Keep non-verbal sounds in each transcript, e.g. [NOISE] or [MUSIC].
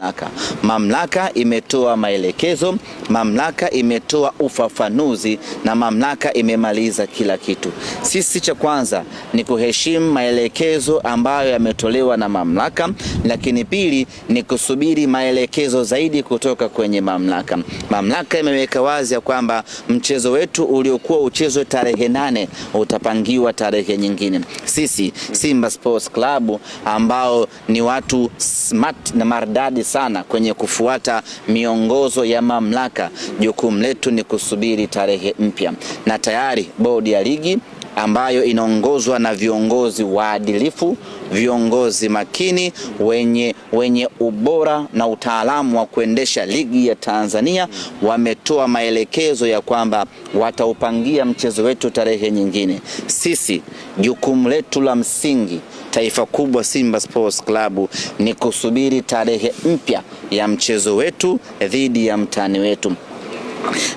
Mamlaka, mamlaka imetoa maelekezo, mamlaka imetoa ufafanuzi na mamlaka imemaliza kila kitu. Sisi cha kwanza ni kuheshimu maelekezo ambayo yametolewa na mamlaka, lakini pili ni kusubiri maelekezo zaidi kutoka kwenye mamlaka. Mamlaka imeweka wazi ya kwamba mchezo wetu uliokuwa uchezwe tarehe nane utapangiwa tarehe nyingine. Sisi Simba Sports Club ambao ni watu smart na maridadi sana kwenye kufuata miongozo ya mamlaka. Jukumu letu ni kusubiri tarehe mpya, na tayari bodi ya ligi ambayo inaongozwa na viongozi waadilifu, viongozi makini, wenye, wenye ubora na utaalamu wa kuendesha ligi ya Tanzania wametoa maelekezo ya kwamba wataupangia mchezo wetu tarehe nyingine. Sisi jukumu letu la msingi taifa kubwa Simba Sports Club ni kusubiri tarehe mpya ya mchezo wetu dhidi ya mtani wetu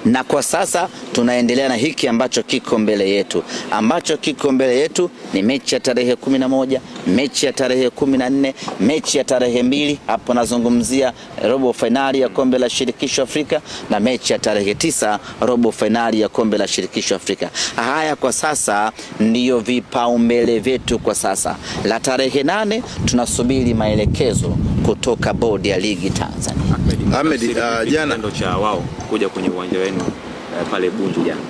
na kwa sasa tunaendelea na hiki ambacho kiko mbele yetu. Ambacho kiko mbele yetu ni mechi ya tarehe kumi na moja, mechi ya tarehe kumi na nne, mechi ya tarehe mbili, hapo nazungumzia robo fainali ya kombe la shirikisho Afrika, na mechi ya tarehe tisa, robo fainali ya kombe la shirikisho Afrika. Haya kwa sasa ndiyo vipaumbele vyetu kwa sasa. La tarehe nane tunasubiri maelekezo kutoka bodi ya ligi Tanzania. Ahmed, uh, uh jana ndo cha wao kuja kwenye uwanja wenu uh, pale Bunju jana.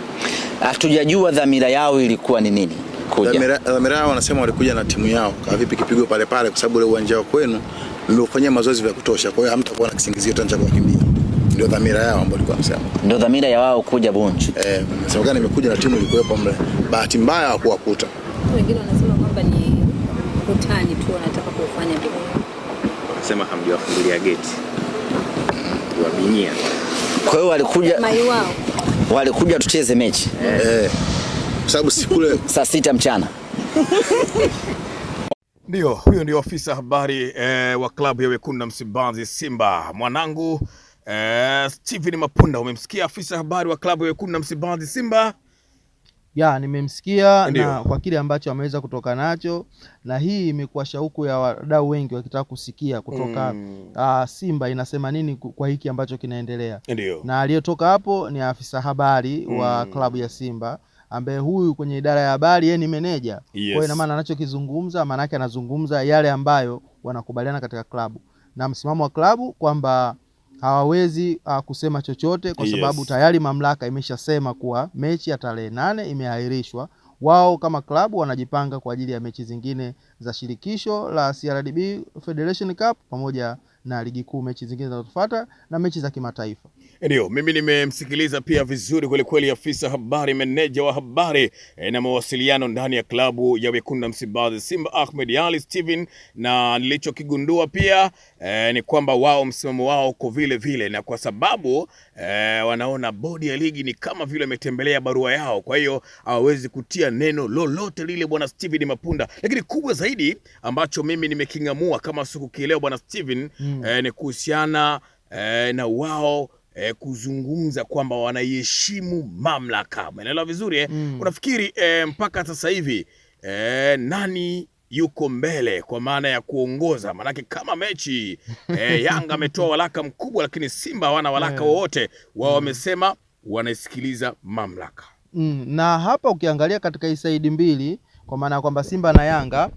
Hatujajua dhamira yao ilikuwa ni nini kuja. Dhamira yao wanasema walikuja na timu yao kwa vipi kipigo pale pale kwa sababu ile uwanja wao kwenu mliofanyia mazoezi vya kutosha, kwa hiyo hamtakuwa na kisingizio tena cha kukimbia. Ndio dhamira yao ambayo walikuwa wamesema. Ndio dhamira ya wao kuja Bunju. Eh, sababu gani imekuja na timu ilikuwepo mbele. Bahati mbaya hawakuwakuta. Wengine wanasema kwamba ni utani tu wanataka kufanya vile kusema hamjawafungulia geti kuwabinyia. Kwa hiyo walikuja walikuja tucheze mechi eh, eh. sababu si kule saa sita mchana [LAUGHS] ndio huyo ndio afisa habari eh, wa klabu ya wekundu na Msimbazi Simba mwanangu eh, Stephen Mapunda. Umemsikia afisa habari wa klabu ya wekundu na Msimbazi Simba ya nimemsikia na kwa kile ambacho ameweza kutoka nacho, na hii imekuwa shauku ya wadau wengi wakitaka kusikia kutoka mm. uh, Simba inasema nini kwa hiki ambacho kinaendelea Ndiyo. na aliyetoka hapo ni afisa habari mm. wa klabu ya Simba ambaye huyu kwenye idara ya habari yeye ni meneja yes. kwa hiyo ina maana anachokizungumza maanake anazungumza yale ambayo wanakubaliana katika klabu na msimamo wa klabu kwamba hawawezi uh, kusema chochote kwa sababu yes, tayari mamlaka imeshasema kuwa mechi ya tarehe nane imeahirishwa. Wao kama klabu wanajipanga kwa ajili ya mechi zingine za shirikisho la CRDB Federation Cup pamoja na ligi kuu, mechi zingine zinazofuata na mechi za kimataifa. Ndio, mimi nimemsikiliza pia vizuri kwelikweli afisa habari, meneja wa habari e, na mawasiliano ndani ya klabu ya Wekundu Msimbazi Simba Ahmed Ali Steven, na nilichokigundua pia e, ni kwamba wao msimamo wao uko vile vile, na kwa sababu e, wanaona bodi ya ligi ni kama vile imetembelea barua yao, kwa hiyo hawawezi kutia neno lolote lile, bwana Steven Mapunda. Lakini kubwa zaidi ambacho mimi nimeking'amua kama sikukielewa bwana Steven mm. e, ni kuhusiana e, na wao eh, kuzungumza kwamba wanaiheshimu mamlaka. Umeelewa vizuri eh? Mm. Unafikiri eh, mpaka sasa hivi eh, nani yuko mbele kwa maana ya kuongoza? Maanake kama mechi [LAUGHS] eh, Yanga ametoa walaka mkubwa, lakini Simba hawana walaka wowote yeah. Wao mm. wamesema mm. wanaisikiliza mamlaka mm. Na hapa ukiangalia katika isaidi mbili kwa maana ya kwamba Simba na Yanga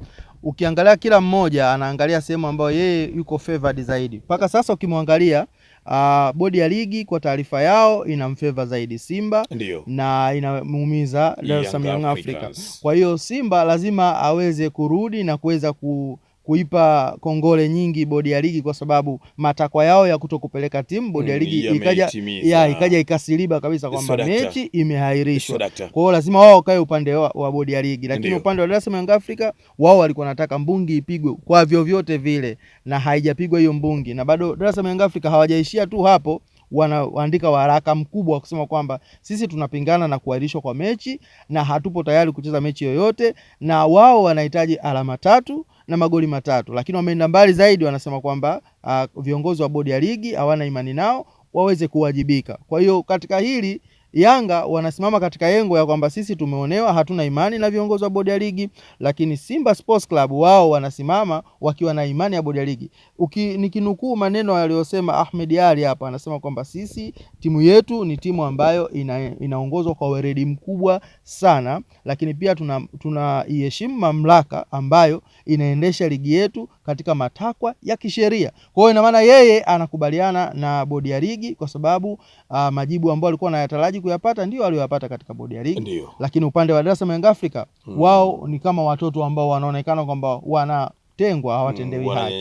ukiangalia kila mmoja anaangalia sehemu ambayo yeye yuko favored zaidi. Mpaka sasa ukimwangalia Uh, bodi ya ligi kwa taarifa yao inamfeva zaidi Simba Ndiyo. na inamuumiza Dar es Young Africa. Kwa hiyo Simba lazima aweze kurudi na kuweza ku kuipa kongole nyingi bodi ya ligi kwa sababu matakwa yao ya kuto kupeleka timu bodi ya mm, ligi ikaja ya, ikaja ikasiliba kabisa kwamba mechi imehairishwa. Kwa hiyo lazima wao wakae upande wa, wa bodi ya ligi, lakini Ndiyo. upande wa Dar es Salaam Young Africa wao walikuwa wanataka mbungi ipigwe kwa vyovyote vile, na haijapigwa hiyo mbungi, na bado Dar es Salaam Young Africa hawajaishia tu hapo wanaandika waraka mkubwa wa kusema kwamba sisi tunapingana na kuahirishwa kwa mechi na hatupo tayari kucheza mechi yoyote, na wao wanahitaji alama tatu na magoli matatu. Lakini wameenda mbali zaidi, wanasema kwamba uh, viongozi wa bodi ya ligi hawana imani nao waweze kuwajibika. Kwa hiyo katika hili Yanga wanasimama katika yengo ya kwamba sisi tumeonewa, hatuna imani na viongozi wa bodi ya ligi, lakini Simba Sports Club wao wanasimama wakiwa na imani ya bodi ya ligi. Nikinukuu maneno aliyosema Ahmed Ali hapa, anasema kwamba sisi timu yetu ni timu ambayo ina, inaongozwa kwa weredi mkubwa sana, lakini pia tunaiheshimu tuna mamlaka ambayo inaendesha ligi yetu katika matakwa ya kisheria. Kwa hiyo ina maana yeye anakubaliana na bodi ya ligi kwa sababu uh, majibu ambayo alikuwa anayataraji kuyapata ndio aliyoyapata katika bodi ya ligi Lakini upande wa Dar es Salaam Young Africa mm. wao ni kama watoto ambao wanaonekana kwamba wana kutengwa, hawatendewi haki.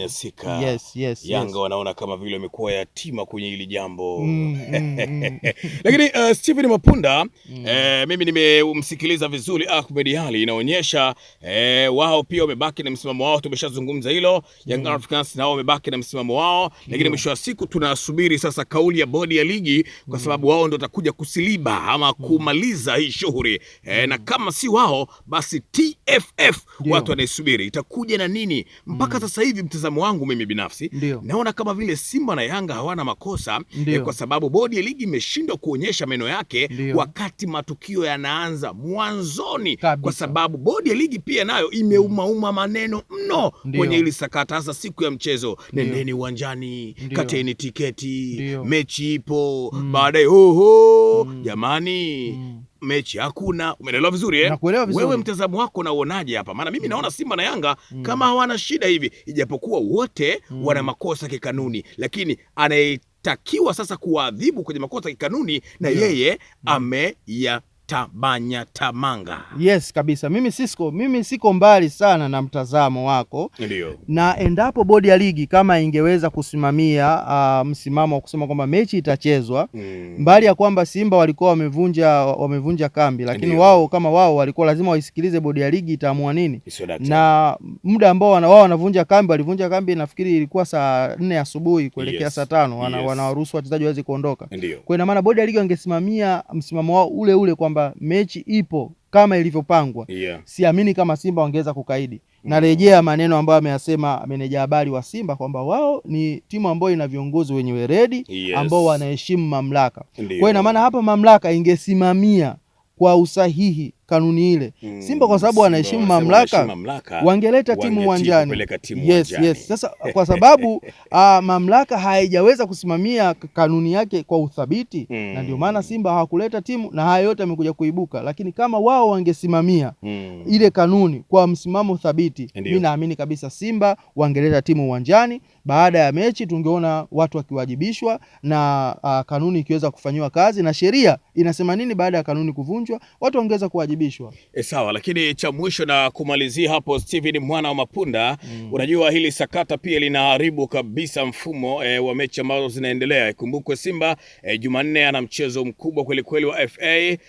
Yes, yes, Yanga yes. Wanaona kama vile wamekuwa yatima kwenye hili jambo mm, mm, [LAUGHS] mm. Lakini uh, Stephen Mapunda mm. eh, mimi nimemsikiliza vizuri Ahmed Ali, inaonyesha eh, wao pia wamebaki na msimamo wao. Tumeshazungumza hilo mm. Young mm. Africans nao wamebaki na msimamo wao, lakini mwisho wa siku tunasubiri sasa kauli ya bodi ya ligi, kwa mm. sababu wao ndio watakuja kusiliba ama mm. kumaliza hii shughuli eh, na kama si wao basi TFF Dio. watu wanaisubiri itakuja na nini mpaka mm. sasa hivi mtazamo wangu mimi binafsi Ndiyo. naona kama vile Simba na Yanga hawana makosa eh, Ndiyo. kwa sababu bodi ya ligi imeshindwa kuonyesha meno yake Ndiyo. wakati matukio yanaanza mwanzoni Kabisa. kwa sababu bodi ya ligi pia nayo imeumauma maneno mno Ndiyo. kwenye hili sakata, hasa siku ya mchezo, nendeni uwanjani, kateni tiketi Ndiyo. mechi ipo mm. baadaye hoho mm. jamani mm mechi hakuna. Umeelewa vizuri eh? Nakuelewa vizuri. Wewe mtazamo wako nauonaje hapa? Maana mimi mm. naona Simba na Yanga mm. kama hawana shida hivi, ijapokuwa wote mm. wana makosa kikanuni, lakini anayetakiwa sasa kuwaadhibu kwenye makosa kikanuni na yeye yeah. Mm. ameya Tabanya Tamanga. Yes, kabisa. Mimi sisko, mimi siko mbali sana na mtazamo wako. Ndiyo. Na endapo bodi ya ligi kama ingeweza kusimamia uh, msimamo wa kusema kwamba mechi itachezwa mm. mbali ya kwamba Simba walikuwa wamevunja wamevunja kambi, lakini wao kama wao walikuwa lazima waisikilize bodi ya ligi itaamua nini, na muda ambao wana, wao wanavunja kambi walivunja kambi nafikiri ilikuwa saa nne asubuhi kuelekea yes. saa tano wanawaruhusu yes. wachezaji waweze kuondoka. Kwa ina maana bodi ya ligi wangesimamia msimamo wao ule ule kwa kwamba mechi ipo kama ilivyopangwa yeah. Siamini kama Simba wangeweza kukaidi mm. Narejea maneno ambayo ameyasema meneja habari wa Simba kwamba wao ni timu ambayo ina viongozi wenye weredi yes. ambao wanaheshimu mamlaka. Kwa hiyo ina maana hapa mamlaka ingesimamia kwa usahihi kanuni ile mm. Simba kwa sababu wanaheshimu mamlaka, mamlaka wangeleta timu uwanjani yes, yes. Sasa kwa sababu a, [LAUGHS] ah, mamlaka haijaweza kusimamia kanuni yake kwa uthabiti mm. na ndio maana mm. Simba hawakuleta timu na haya yote amekuja kuibuka, lakini kama wao wangesimamia mm. ile kanuni kwa msimamo thabiti, mimi naamini kabisa Simba wangeleta timu uwanjani. Baada ya mechi tungeona watu wakiwajibishwa na a, ah, kanuni ikiweza kufanyiwa kazi na sheria inasema nini baada ya kanuni kuvunjwa, watu wangeweza kuwajibishwa kuwajibishwa. E, sawa, lakini cha mwisho na kumalizia hapo, Steven mwana wa Mapunda mm. Unajua hili sakata pia linaharibu kabisa mfumo e, wa mechi ambazo zinaendelea. Ikumbukwe Simba e, Jumanne ana mchezo mkubwa kwelikweli wa FA e,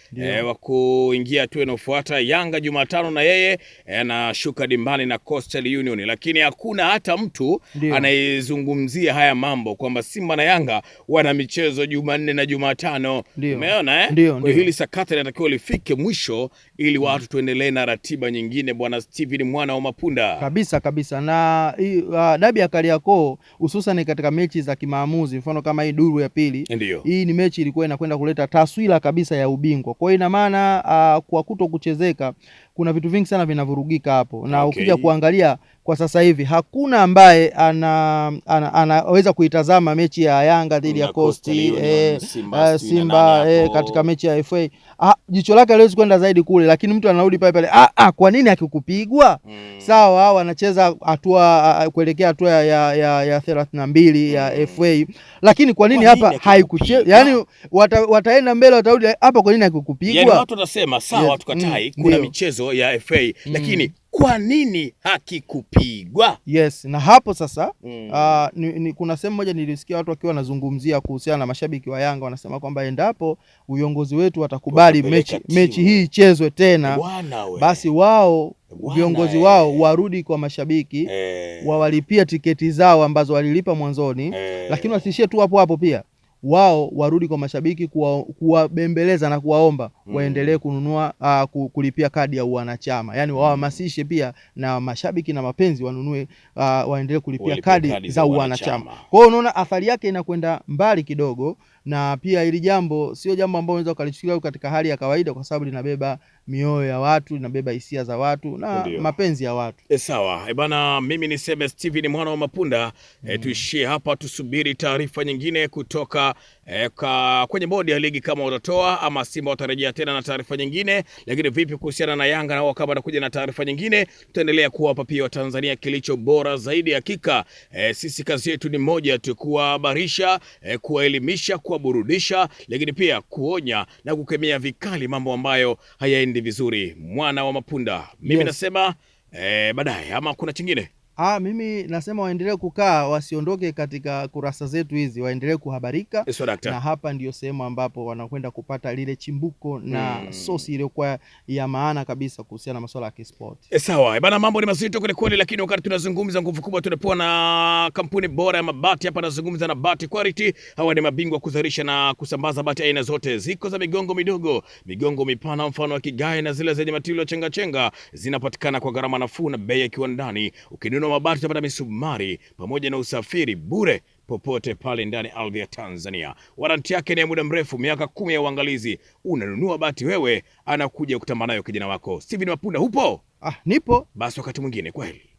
wa kuingia tu inaofuata Yanga Jumatano na yeye e, anashuka e, dimbani na Coastal Union, lakini hakuna hata mtu anayezungumzia haya mambo kwamba Simba na Yanga wana michezo Jumanne na Jumatano. Umeona eh? Ndio, hili sakata linatakiwa lifike mwisho ili mm. watu tuendelee na ratiba nyingine. Bwana Steven mwana wa Mapunda, kabisa kabisa. Na uh, dabi ya Kariakoo hususan katika mechi za kimaamuzi, mfano kama hii duru ya pili, ndiyo hii ni mechi ilikuwa inakwenda kuleta taswira kabisa ya ubingwa. Kwa hiyo ina maana uh, kwa kuto kuchezeka kuna vitu vingi sana vinavurugika hapo na okay. Ukija kuangalia kwa sasa hivi hakuna ambaye anaweza ana, ana, ana kuitazama mechi ya Yanga dhidi ya Kosti eh, eh, Simba, Simba eh, katika mechi ya FA ah, jicho lake aliwezi kwenda zaidi kule, lakini mtu anarudi pale pale ah, ah, kwa nini akikupigwa? mm. Sawa, wanacheza hatua ah, kuelekea hatua ya, ya, ya thelathini na mbili mm. ya hmm. FA, lakini kwa nini hapa haikuche Yani wataenda wata mbele watarudi hapa, kwa nini akikupigwa? Yani watu watasema sawa, yes. Yaani, tukatai hmm, kuna michezo ya FA mm. Lakini kwa nini hakikupigwa? Yes, na hapo sasa mm. uh, ni, ni, kuna sehemu moja nilisikia watu wakiwa wanazungumzia kuhusiana na mashabiki wa Yanga wanasema kwamba endapo uongozi wetu watakubali mechi, mechi hii ichezwe tena we. basi wao viongozi wao warudi kwa mashabiki e. Eh. wawalipia tiketi zao ambazo walilipa mwanzoni e. lakini wasiishie tu hapo hapo pia wao warudi kwa mashabiki kuwabembeleza kuwa na kuwaomba mm. waendelee kununua uh, kulipia kadi ya uwanachama, yani wahamasishe mm. pia na mashabiki na mapenzi wanunue uh, waendelee kulipia kadi, kadi za uwanachama. Kwa hiyo unaona athari yake inakwenda mbali kidogo na pia hili jambo sio jambo ambalo unaweza ukalichukulia katika hali ya kawaida, kwa sababu linabeba mioyo ya watu, linabeba hisia za watu na Ndiyo. mapenzi ya watu. E, sawa eh, bana, mimi niseme Steven mwana wa Mapunda. Eh, mm. E, tuishie hapa, tusubiri taarifa nyingine kutoka e, ka, kwenye bodi ya ligi kama watatoa ama Simba watarejea tena na taarifa nyingine. Lakini vipi kuhusiana na Yanga nao kama atakuja na taarifa nyingine, tutaendelea kuwapa pia Watanzania kilicho bora zaidi. Hakika e, sisi kazi yetu ni moja tu, kuwahabarisha e, kuwaelimisha, kuwaburudisha, lakini pia kuonya na kukemea vikali mambo ambayo hayaendi vizuri. Mwana wa Mapunda, mimi yes. Nasema e, baadaye ama kuna chingine Ah, mimi nasema waendelee kukaa, wasiondoke katika kurasa zetu hizi, waendelee kuhabarika Yes, na hapa ndiyo sehemu ambapo wanakwenda kupata lile chimbuko na hmm, sosi iliyokuwa ya maana kabisa kuhusiana na masuala ya kisport. Eh, sawa eh, bana, mambo ni mazito kweli kweli, lakini wakati tunazungumza nguvu kubwa tunapewa na kampuni bora ya mabati. Hapa nazungumza na Bati Quality. Hawa ni mabingwa kuzalisha na kusambaza bati aina zote, ziko za migongo midogo, migongo mipana, mfano wa kigae na zile zenye matilo chengachenga, zinapatikana kwa gharama nafuu na bei ya kiwandani ukinunua wa mabati utapata misumari pamoja na usafiri bure popote pale ndani ardhi ya Tanzania. Waranti yake ni ya muda mrefu, miaka kumi ya uangalizi. Unanunua bati wewe, anakuja kutamba nayo kijana wako. Steven Mapunda, hupo? Ah, nipo. Basi wakati mwingine kweli.